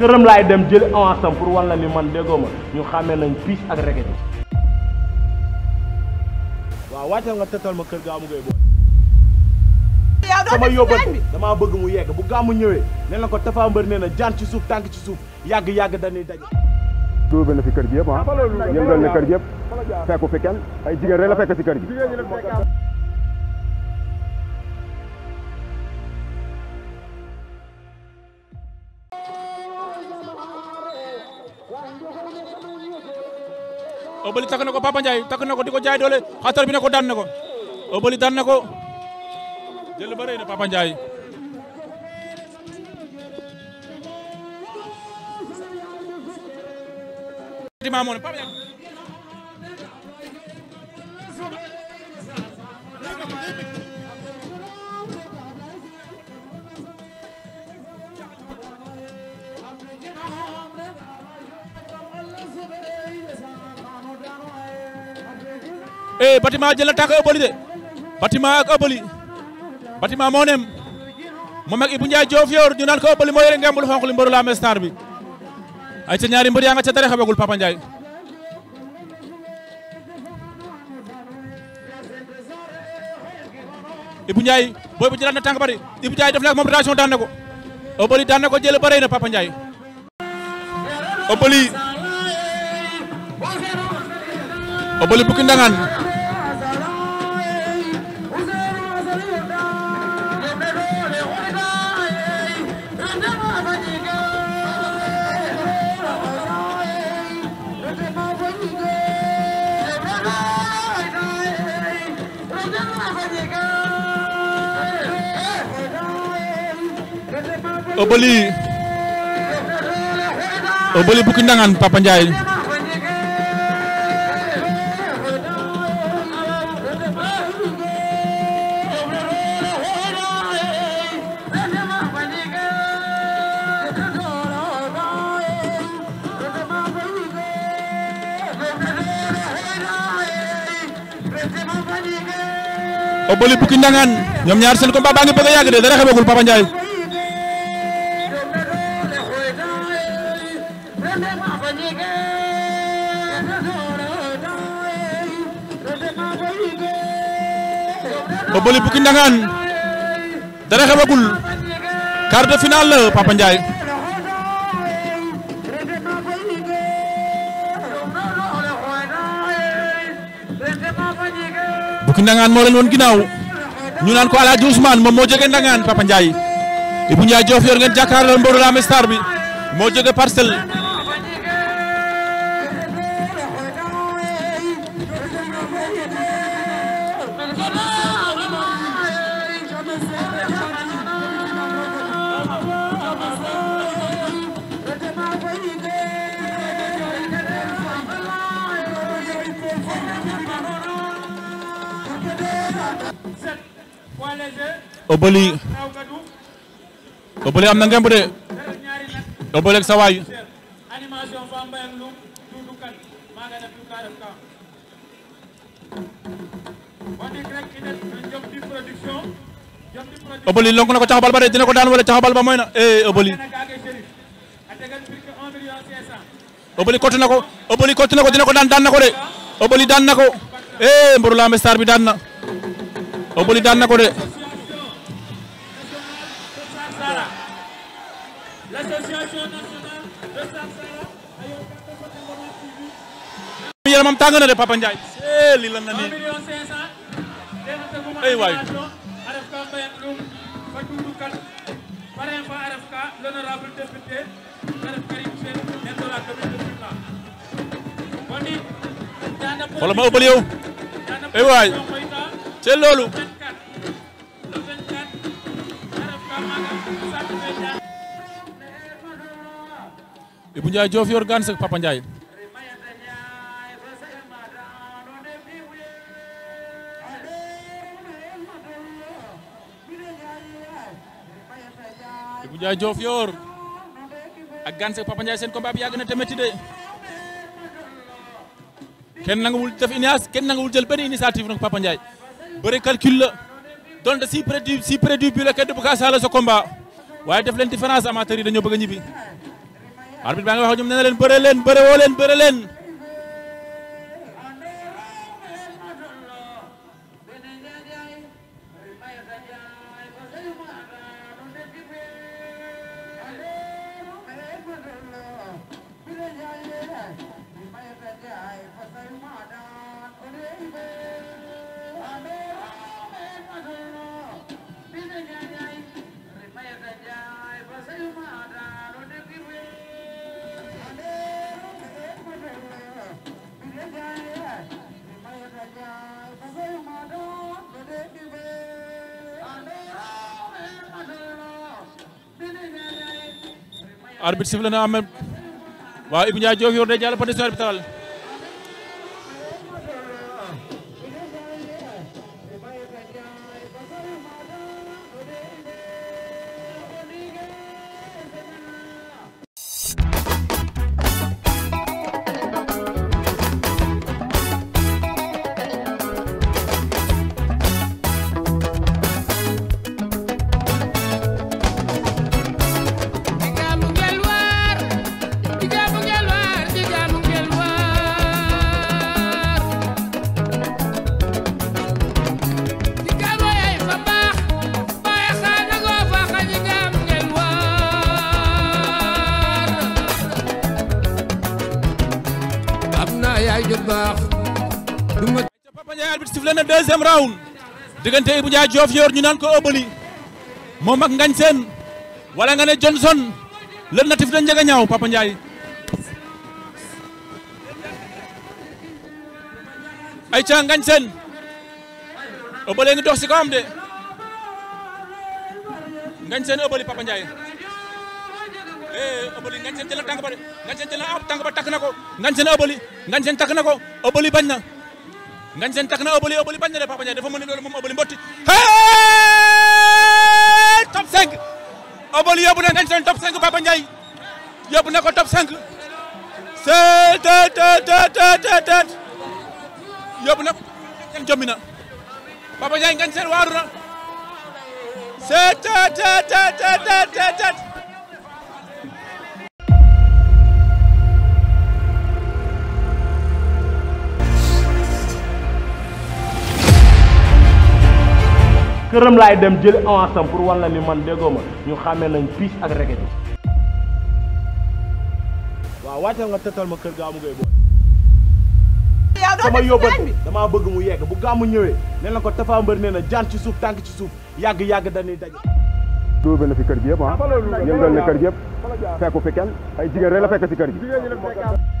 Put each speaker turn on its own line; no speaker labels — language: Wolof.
këram laay dem jël avance pour wan la ni man déggoo ma ñu xàmmee nañ piis ak reket bi. waaw wàccal nga tëtal ma kër gaamu ngay booy. sama yóbbal damaa bëgg mu yegg bu gàmmu ñëwee nee na ko Tapha Mbeur nee na jaan ci suuf tànk ci suuf yàgg yàgg dañuy daje. duubal na fi kër gi yëpp ah, ah yëngal na kër gi yëpp fekku fi kenn ay jigéen rek la fekk si kër gi. Obeuly takk na ko Papa takk na ko di ko jaay doole xatar bi ne ko daan na ko Obeuly na ko jël ba eh Batiment jël na tànk Obeuly de Batiment ak Obeuly Batiment moo nem moom ak Ibou Ndiaye ñu naan ko Obeuly moo yore ngembul xonq li mbëru Lamé Star bi ay ca ñaari mbër yaa nga ca dara xamagul Papa Ndiaye Ibou Ndiaye booy bu jëlaat na tànk bari Ibou Ndiaye def na ak moom rotation daan na ko Obeuly daan na ko jël bare na Papa Obeuly Obeuly Bouki Ndangane Papa Ndiaye Obeuly Bouki Ndangane ñoom ñaar seen combat ngi bëgg a yàgg de dara xamagul ba Bally Bouki Ndangane a xewagul quart de finale Papa Ndiaye Bouki Ndangane moo leen woon ginnaaw ñu naan ko Alaaji Ousmane moom moo jógee Ndangane Papa Ndiaye Ibou Ndiaye Diof yor ngeen jàkkaarloo mboru Lamé Star bi moo jógee parcelle Obeuly Obeuly am na ngemb de Obeuly ak sa waay Obeuly lonk na ko caxabal ba de dina ko daan wala caxabal ba mooy na eh Obeuly Obeuly kott na ko Obeuly dina ko daan daan na de Obeuly daan na ko eh, mburu lambe star bi daan na Obeuly daan na ko de. yaramam tàng na de Papa Ndiaye. seeli eh, lan na nii. ay waay. xoolal ma Obeuly yow. ay waay. ci loolu. Ibou Ndiaye Diouf yor gan sëg Papa Ndiaye Ibou Ndiaye Diouf yor ak gan sëg Papa seen combat bi yàgg na te métti de kenn nanguwul def initiative kenn nanguwul jël benn initiative nag Papa Ndiaye bëri calcul la donte si prédu si prédu bi la kenn du ko asaaloo sa combat waaye def leen différence amateur yi dañoo bëgg a ñibbi. arbitre baa ngi wax ñoom nee na leen bëre leen bëre woo leen bëre leen arbitre sifflé na Ahmed waaw Ibou Ndiaye Diofior day jàll pétition arbitral du ma. ca Papa Ndiaye arbitre sifflé na deuxième round diggante Ibou Ndiaye Diof yor ñu naan ko Obali moom ak Ngagne Sène wala nga ne Johnson le natif de Ndiaga Niao Papa Ndiaye. ayca Ngagne Sène Obali ngi dox si kawam de Ngagne Sène Obali Papa Ndiaye. Eh, Obali Ngagne Sène jël na tànk ba de Ngagne Sène jël ba takk na ko Ngagne Sène Obali Ngagne Sène takk na ko Obali bañ na. ngañ seen tak na Obeuly Obeuly bañ na de Papa Ndiaye dafa mën a loolu moom Obeuly mbotti hey top 5 Obeuly yóbbu na ngañ seen top 5 Papa Ndiaye yóbbu na ko top 5 seet teet teet teet teet yóbbu na seen jommi Papa Ndiaye ngañ seen waaru na seet teet teet teet teet teet këram laay dem jëli avance pour wan la ni man déggoo ma ñu xàmmee nañ piis ak rege bi waaw wàccal nga tëtal ma kër gaamu ngay booy sama yóbbal damaa bëgg mu yegg bu gaamu ñëwee nee na ko Tapha Mbeur nee na jaan ci suuf tànk ci suuf yàgg-yàgg dañuy daje dóor na fi kër gi yëpp ah yëngal na kër gi yëpp fekku fi kenn ay jigéen rek la fekk si kër gi